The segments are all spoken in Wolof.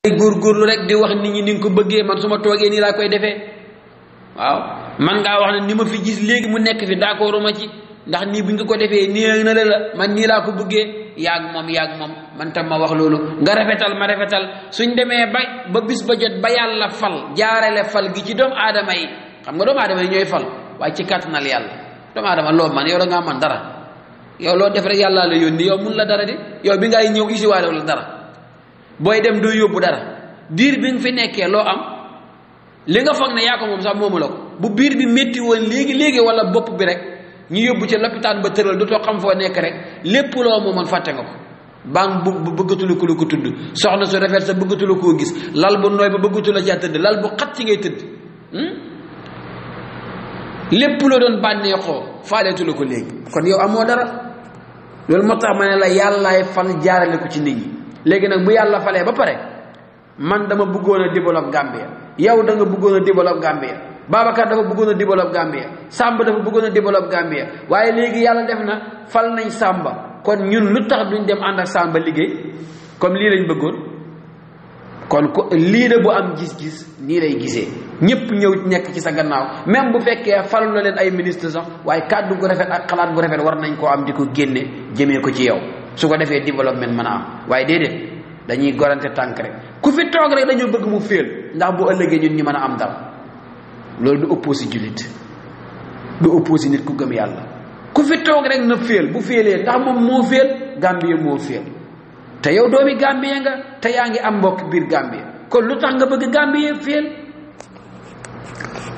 ay góorgóorlu rek di wax nit ñi ni ko bëggee man suma toogee nii laa koy defee waaw man ngaa wax ne ni ma fi gis léegi mu nekk fi d'accord ma ci ndax nii bu ñu ko defee nii na la la man nii laa ko buggee yaag moom yaag moom man tam ma wax loolu nga rafetal ma rafetal suñ demee ba ba bis ba jot ba yàlla fal jaarale fal gi ci doomu aadama yi xam nga doomu aadama yi ñooy fal waaye ci kàttanal yàlla doomu aadama loo man yow da man dara yow loo def rek yàlla la yónni yow mun la dara de yow bi ngay ñëw isiwaale dara booy dem doo yóbbu dara biir bi nga fi nekkee loo am li nga fan ne yaa ko moom sax moomu la ko bu biir bi métti woon léegi léegi wala bopp bi rek ñu yóbbu ci lopitaan ba tëral du too xam foo nekk rek lépp loo moomoon fàtte nga ko bang bu bëggatula ko la ko tudd soxna su rafet sa bëggatula koo gis lal bu nooy ba a caa tëdd lal bu xat ci ngay tëdd hmm? lépp loo doon bànneexoo faaleetula ko léegi kon yow amoo dara loolu moo tax ma ne la yàllaay ko ci nit ñi léegi nag bu yàlla falee ba pare man dama bëggoon a développe Gambia yow danga nga bëggoon a développe Gambia Babacar dafa bëggoon a développe Gambia Samba dafa bëggoon a développe Gambia waaye léegi yàlla def na fal nañ sàmba kon ñun lu tax duñ dem ànd ak sàmba liggéey comme lii lañ bëggoon kon ko lii de bu am gis-gis nii lay gisee ñëpp ñëw nekk ci sa gannaaw même bu fekkee falu la leen ay ministre sax waaye kàddu gu rafet ak xalaat bu rafet war nañ koo am di ko génne jëmee ko ci yow. su ko defee développement mën a am waaye déedéet dañuy gorante tànk rek ku fi toog rek dañoo bëgg mu féel ndax bu ëllëgee ñun ñu mën a am dara loolu du opposé jullit du opposé nit ku gëm yàlla ku fi toog rek na féel bu féelee ndax moom moo féel Gambie moo féel te yow doomi Gambie nga te yaa ngi am mbokk biir Gambie kon lu tax nga bëgg Gambie féel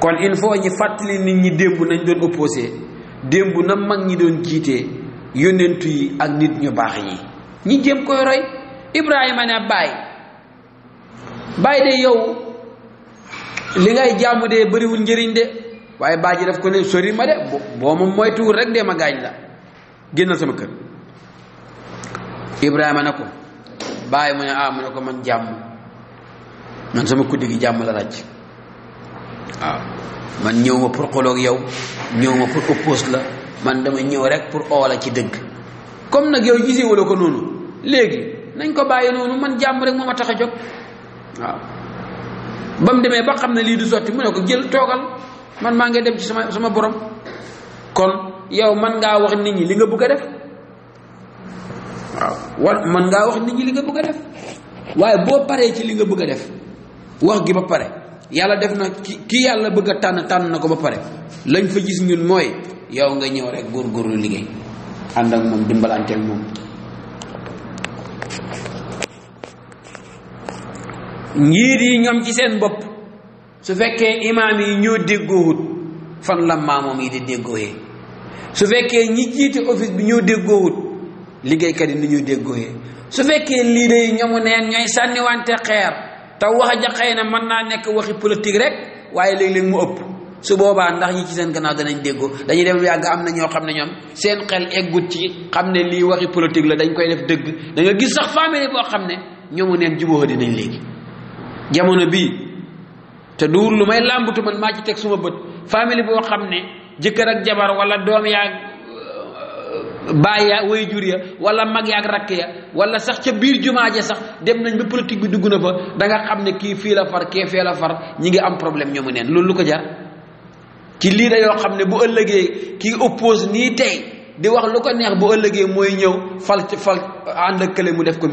kon il faut ñu fàttali nit ñi démb nañ doon opposé démb na mag ñi doon jiitee yónnentu yi ak nit ñu baax yi ñi jéem koy roy Ibrahima ne baay baay de yow li ngay jaamu de bëriwul njëriñ de waaye baay ji daf ko ne sori ma de boo ma moytuwul rek de ma gaañ la génnal sama kër Ibrahima ne ko baay mu ne ah mu ne ko man jàmm man sama kuddi gi jàmm la ràcc waaw man ñëw ma pour xoloog yow ñëw ma pour oppose la man dama ñëw rek pour oola ci dëgg comme nag yow gisee wala ko noonu léegi nañ ko bàyyi noonu man jàmm rek moo ma tax a jóg waaw ba mu demee ba xam ne lii du sotti mu ne ko jël toogal man maa ngi dem ci sama sama borom kon yow man ngaa wax nit ñi li nga bëgg a def waaw war man ngaa wax nit ñi li nga bëgg a def waaye boo paree ci li nga bëgg a def wax gi ba pare yàlla def na ki ki yàlla bëgg tànn tànn na ko ba pare lañ fa gis ñun mooy yow nga ñëw rek góorgóorlu liggéey ànd ak moom dimbalanteel moom njiit yi ñoom ci seen bopp su fekkee imaam yi ñoo déggoowut fan la maamoom yi di déggooyee su fekkee ñi jiite office bi ñoo déggoowut liggéeykat yi ni ñu déggooyee su fekkee leader yi ñoomu neen ñooy sànniwante xeer taw wax ja xëy na mën naa nekk waxi politik rekk waaye léeg-léeg mu ëpp su boobaa ndax ñi ci seen gannaaw danañ déggoo dañuy dem yàgg am na ñoo xam ne ñoom seen xel eggut ci xam ne lii waxi politique la dañ koy def dëgg da nga gis sax famille boo xam ne ñoomu neen jubóo dinañ léegi jamono bii te duwul lu may làmbatu man maa ci teg suma bët famille boo xam ne jëkkër ak jabar wala doom yaa euh, baay ya way jur ya wala mag ya rakk ya wala sax ca biir sax dem nañ ba politique bi dugg na fa da nga xam ne kii fii la far kee fee la far ñi ngi am problème ñoomu neen loolu lu ko jar ci lii da yoo xam ne bu ëllëgee kii oppose nii tey di wax lu ko neex bu ëllëgee mooy ñëw fal ci fal ànd kële mu def ko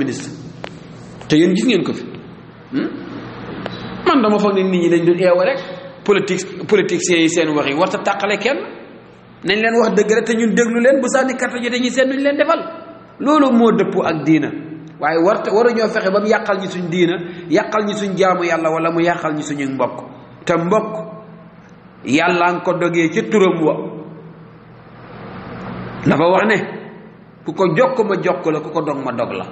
te yéen gis ngeen ko fi hmm? man dama foog ne nit ñi dañ doon eewa rek politique politiciens yi seen wax yi war warta tàqale kenn nañ leen wax dëgg rek te ñun déglu leen bu sànni carte jotee ñu seen nuñ leen defal loolu moo dëpp ak diina waaye warta waruñoo fexe ba mu yàqal ñi suñ diina yàqal ñi suñ jaamu yàlla wala mu yàqal ñi suñu mbokk yàlla nga ko dogee ca turam wa dafa wax ne ku ko jokk ma jokk la ku ko dog ma dog la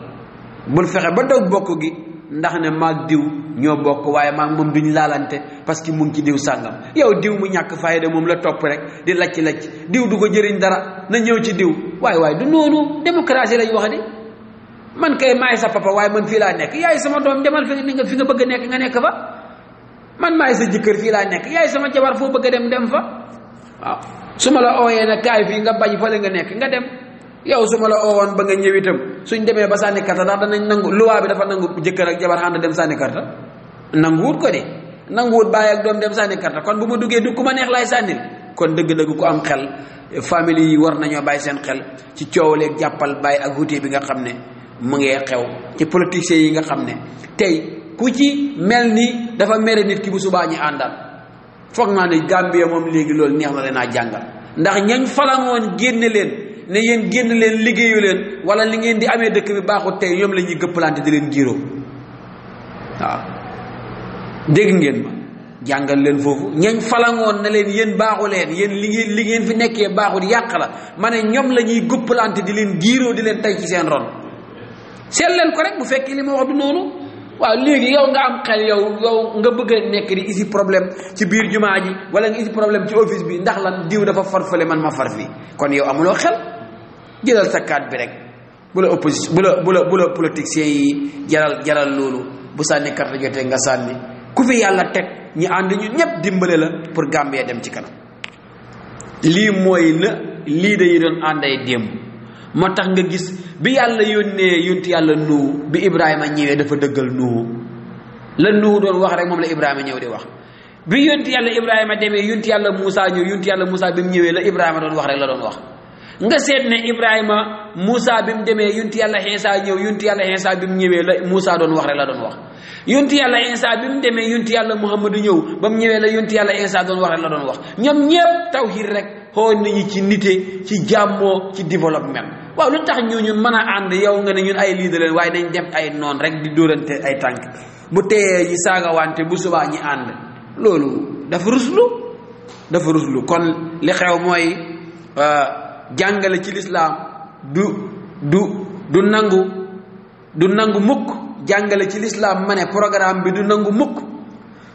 bul fexe ba dog bokk gi ndax ne maag diw ñoo bokk waaye maag moom duñ laalante parce que mu ngi ci diw sàngam yow diw mu ñàkk fayda moom la topp rek di lacc-lacc diw du ko jëriñ dara na ñëw ci diw waaye waaye du noonu démocratie lañ wax di man kay maay sa papa waaye man fii laa nekk yaay sama doom demal fi nga fi nga bëgg a nekk nga nekk fa man maay sa jëkkër fii laa nekk yaay sama jabar foo bëgg a dem dem fa waaw su ma la ooyee nag kaay fii nga bañ fa la nga nekk nga dem yow su ma la oowoon ba nga ñëw itam suñ demee ba sànni karta ndax danañ nangu luwaa bi dafa nangu jëkkër ak jabar xànd dem sànni karta nanguwut ko de nanguwut bàyyi ak doom dem sànni karta kon bu ma duggee du ku ma neex lay sànnil kon dëgg-dëgg ku am xel famille yi war nañoo bàyyi seen xel ci coowaleeg jàppal bàyyi ak wuute bi nga xam ne mu ngee xew ci politiciens yi nga xam ne tey ku ci mel ni dafa mere nit ki bu subaa ñu àndal foog naa ne Gambie moom léegi loolu neex ma leen a jàngal ndax ñañ falangoon génne leen ne yéen génn leen liggéeyu leen wala li ngeen di amee dëkk bi baaxut tey ñoom la ñuy gëppalante di leen giiroo dégg ngeen ma leen foofu ñañ falangoon ne leen yéen baaxu leen yéen li ngeen fi nekkee baaxul yàq la ma ne ñoom la ñuy gëppalante di leen giiroo di leen tey ci seen ron seet ko rek bu fekkee li ma wax du noonu waaw léegi yow nga am xel yow yow nga bëgg a nekk di isi problème ci biir jumaa ji wala nga isi problème ci office bi ndax lan diw dafa farfale man ma far kon yow amuloo xel jëlal sa kaat bi rek bu la opposition bu la bu la bu la yi jaral jaral loolu bu sànni carte jotee nga sànni ku fi yàlla teg ñu ànd ñu ñëpp dimbale la pour Gambie dem ci kanam lii mooy na lii dañu doon ànday démb moo tax nga gis bi yàlla yónnee yonti yàlla nuuhu bi Ibrahima ñëwee dafa dëggal nuuhu la nuuhu doon wax rek moom la Ibrahima ñëw di wax bi yonti yàlla Ibrahima demee yonti yàlla Moussa ñëw yonti yàlla Moussa bi ñëwee la Ibrahima doon wax rek la doon wax. nga seet ne Ibrahima Moussa bi mu demee yonti yàlla Insa ñëw yonti yàlla Insa bi mu ñëwee la Moussa doon wax rek la doon wax yonti yàlla Insa bi mu demee yonti yàlla Muhammadu ñëw ba mu ñëwee la yonti yàlla Insa doon wax rek la doon wax ñoom taw tawhid rek. xool nañu ci nite ci jàmmoo ci développement waaw lu tax ñu ñun mën a ànd yow nga ne ñun ay leader leen waaye dañ dem ay noon rek di dóorante ay tànk bu teyee saaga wante bu subaa ñi ànd loolu dafa ruslu dafa ruslu kon li xew mooy euh, jàngale ci lislaam du du du nangu du nangu mukk jàngale ci lislaam ma ne programme bi du nangu mukk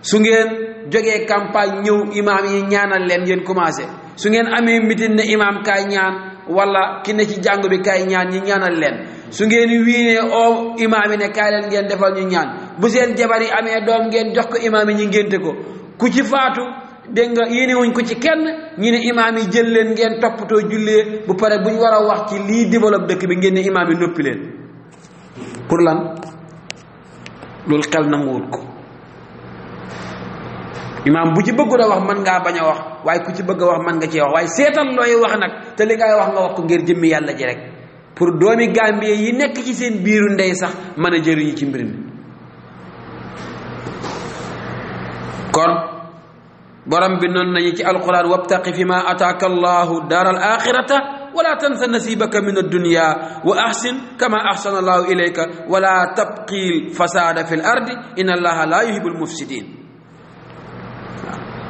su ngeen jógee campagne ñëw imaam yi ñaanal leen ngeen commencé su ngeen amee mitin ne imaam kaay ñaan wala ki ci jàngu bi kaay ñaan ñi ñaanal leen su ngeen wiinee oo oh, imaam yi ne kaay ngeen defal ñu ñaan bu seen jabar yi amee doom ngeen jox ko imaam ñi ngénte ko ku ci faatu dégg nga yéene wuñ ko ci kenn ñu ne imaam yi jël leen ngeen toppatoo jullee bu pare bu ñu war a wax ci lii développe dëkk bi ngeen ni imaam yi noppi leen pour lan loolu xel nanguwul ko imaam bu ci bëggul wax mën ngaa bañ a wax waaye ku ci bëgg wax mën nga cee wax waaye seetal looy wax nag te li wax nga wax ko ngir jëmmi yàlla ji rek pour doomi Gambie yi nekk ci seen biiru ndey sax mën a jëriñu ci mbir mi kon borom bi noonu nañu ci alquran wabtaqi fi ma ataaka allahu daar al axirata wala tansa nasibaka min addunya wa ahsin kama ahsana allahu ilayka wala tabqi l fi l ardi inna la yuhibu l mufsidin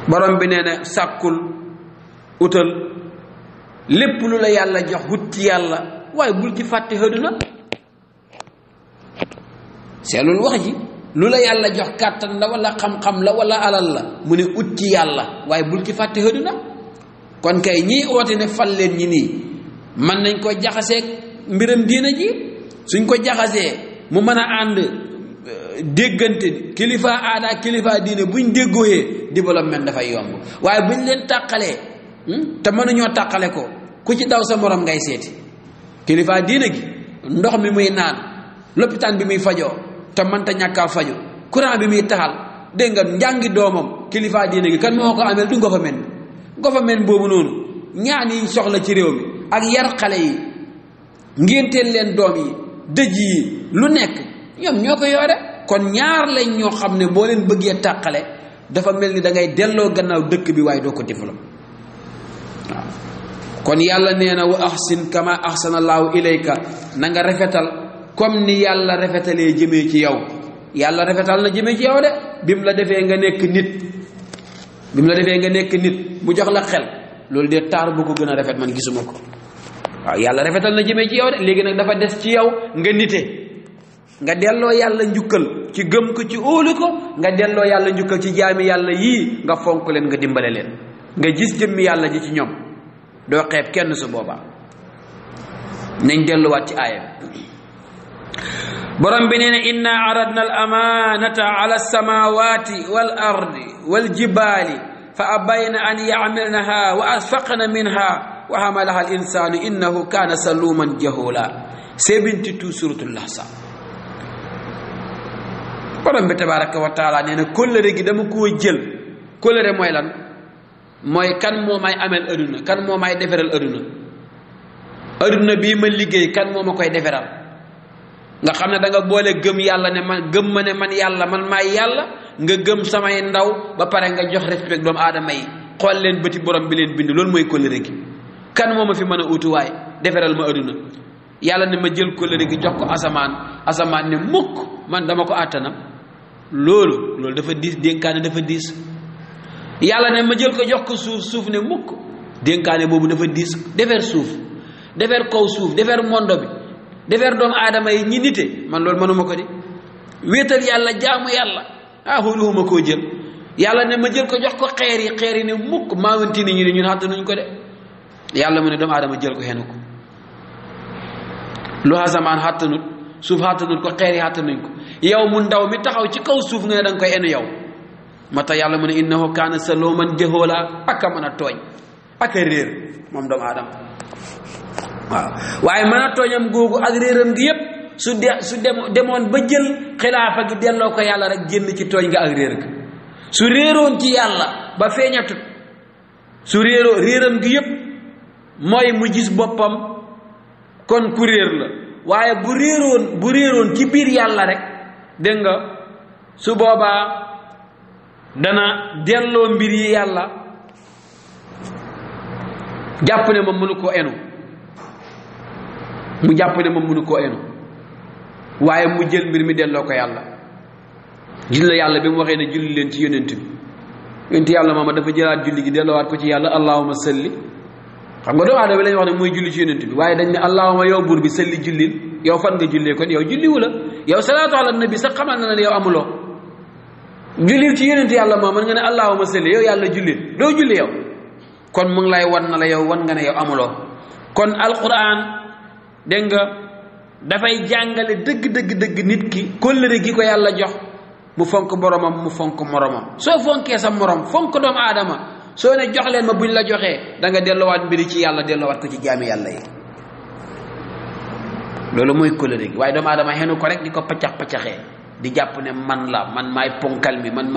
borom bi nee na sàkkul utal lépp lu la yàlla jox wut ci yàlla waaye bul ci fàtte àddina seelul wax ji lu la yàlla jox kàttan la wala xam-xam la wala alal la mu ne ut ci yàlla waaye bul ci fàtte àddina kon kay ñiy oote ne fal leen ñi nii mën nañ ko jaxasee mbiram diina ji suñ ko jaxasee mu mën a ànd déggante kilifa aada ak kilifa diine buñ déggooyee développement dafay yomb waaye buñ leen tàqalee hmm? te mënuñoo tàqale ko ku ci daw sa morom ngay seeti kilifa diine gi ndox mi muy naan lopitaan bi muy fajoo te mënta ñàkkaa faju courant bi muy taxal dégg njàngi doomam kilifa diine gi kan moo ko amel du government bi boobu noonu ñaan soxla ci réew mi ak yar xale yi ngénteel leen doom yi dëj yi lu nekk ñoom ñoo ko yoore kon ñaar lañ ñoo xam ne boo leen bëggee tàqale dafa mel ni da ngay delloo gannaaw dëkk bi waaye doo ko développe kon yàlla nee na wa ahsin kama ahsana allahu ilayka na nga rafetal comme ni yàlla rafetalee jëmee ci yow yàlla rafetal na jëmee ci yow de bim la defee nga nekk nit bim la defee nga nekk nit mu jox la xel loolu de taar bu ko gën a rafet man gisuma ko waaw yàlla rafetal na jëmee ci yow de léegi nag dafa des ci yow nga nite nga delloo yàlla njukkal ci gëm ko ci óolu ko nga delloo yàlla njukkal ci jaami yàlla yii nga fonk leen nga dimbale leen nga gis jëmmi yàlla ji ci ñoom doo xeeb kenn su boobaa nañ delluwaat ci aaya borom bi nee na inna aradna al ala alsamawati wal ardi wal jibaali fa abayna an yacmilnaha wa asfaqna minha wa hamalaha al insaanu innahu kaana saluman jahula c'est 22 suratul ahzab borom bi tabaraka wa taala nee na kóllëre gi dama koo jël kóllëre mooy lan mooy kan moo may ameel adduna kan moo may defaral adduna adduna bii ma liggéey kan moo ma koy defaral nga xam ne da boole gëm yàlla ne man gëm ma ne man yàlla man maay yàlla nga gëm samay ndaw ba pare nga jox respect doomu yi xool leen bëti borom bi leen bind loolu mooy kóllëre gi kan moo ma fi mën a utuwaay defaral ma adduna yàlla ne ma jël kóllëre gi jox ko asamaan asamaan ne mukk man dama ko àttanam loolu loolu dafa diis dénkaane dafa diis yàlla ne ma jël ko jox ko suuf suuf ne mukk dénkaane boobu dafa diis defar suuf defar kaw suuf defar mondo bi defar doomu aadama yi ñi nite man loolu mënuma ko de wéetal yàlla jaamu yàlla ah xóoluwuma koo jël yàlla ne ma jël ko jox ko xeer yi xeer yi ne mukk maawanti ni ñu ne ñun xattanuñ ko de yàlla mu ne doomu aadama jël ko xenu ko lu asamaan xattanut suuf xattanut ko xeer yi xattanuñ ko yow mu ndaw mi taxaw ci kaw suuf nga ne da nga koy enu yow ma tax yàlla mu ne innahu kaana saluuman jahuula ak a mën a tooñ ak a réer moom doomu aadama waaye mën a tooñam googu ak réeram gi yépp su de su demoon ba jël xilaafa gi delloo ko yàlla rek génn ci tooñ nga ak réer ga su réeroon ci yàlla ba feeñatut su réeroo réeram gi yépp mooy mu gis boppam kon ku réer la waaye bu réeroon bu réeroon ci biir yàlla rek dégg nga su boobaa dana delloo mbir yi yàlla jàpp ne moom mënu koo enu mu jàpp ne moom mënu koo enu waaye mu jël mbir mi delloo ko yàlla gis la yàlla bi mu waxee ne julli leen ci yonent bi yonent yàlla maama dafa jëlaat julli gi delloowaat ko ci yàlla allahuma salli xam nga doomu aadama lañu wax ne mooy julli ci yonent bi waaye dañ ne allahuma yow buur bi salli jullil yow fan nga jullee kon yow julliwu la yow ala nabi sa xamal na ne yow amuloo julliw ci yonent yàlla moo mën nga ne allahuma salli yow yàlla julli do julli yow kon mu ngi lay wan na la yow wan nga ne yow kon alquran dégg nga dafay jàngale dëgg dëgg dëgg nit ki kóllëre gi ko yàlla jox mu fonk boromam mu fonk moromam soo fonkee sa morom fonk doomu aadama soo ne jox leen ma buñ la joxee da nga delluwaat mbiri ci ko ci yi loolu mooy kóllëre gi waaye doomu aadama xenu ko rek di ko paca-pacahe, di jàpp ne man la man maay ponkal mi man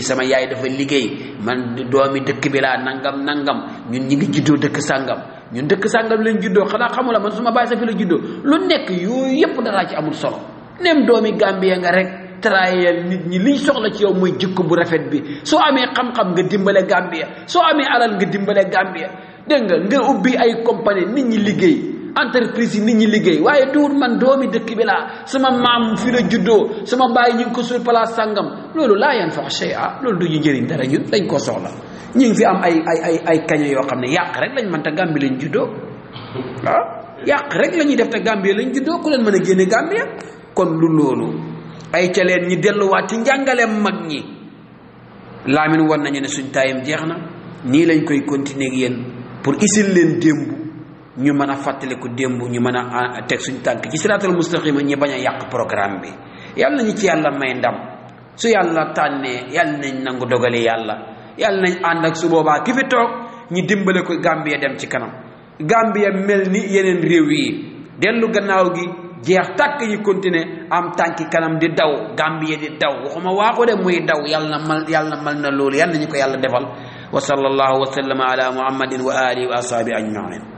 sama yaay dafa liggéey man doomi dëkk bi nanggam, nangam nangam ñun ñi ngi juddoo dëkk sàngam ñun dëkk sàngam lañ juddoo xanaa xamu la man suma sa fi la juddoo lu nekk yooyu yëpp daraa ci amul solo nem doomi Gambie nga rek trayel nit ñi liñ soxla ci yow mooy jikko bu rafet bi so amee xam-xam nga dimbale Gambia so amee alal nga dimbale Gambia dégg nga nga ubbi ay compagnie nit ñi entreprise yi nit ñi liggéey waaye duur man doomi dëkk bi laa sama maam fi la juddoo sama bàyyi ñu ngi ko suul place sàngam loolu laa yan fax shay'a loolu du ñu jëriñ dara ñun dañ ko soxla ñi fi am ay ay ay ay kaña yoo xam ne yàq rek lañ mën te gàmbi lañ juddoo waaw ah, yàq rek la ñuy def te gàmbi lañ juddoo ku leen mën a génne ya. kon lu loolu ay ca leen ñi delluwaat ci njàngaleem mag ñi laamin war nañu ne suñ taayam jeex na lañ koy continuer ak pour isil leen démbu ñu mën a fàttaliku démb ñu mën a ah, teg suñ tànk ci siratul mustaqima ñu bañ a yàq programme bi yàlla nañu ci yàlla may ndam su yàlla tànnee yàlla nañ nangu dogale yàlla yàlla nañ ànd ak su boobaa ki fi toog ñu dimbale ko gambia dem ci kanam gambia mel ni yeneen yi dellu gannaaw gi jeex tàkk yi am tanki kanam di daw gambia di daw waxuma waaxu de muy daw mal yàlla mal na loolu yàlla nañu ko yàlla defal wa sallallahu wa sallama ala muhammadin wa alihi wa ashabi ajmain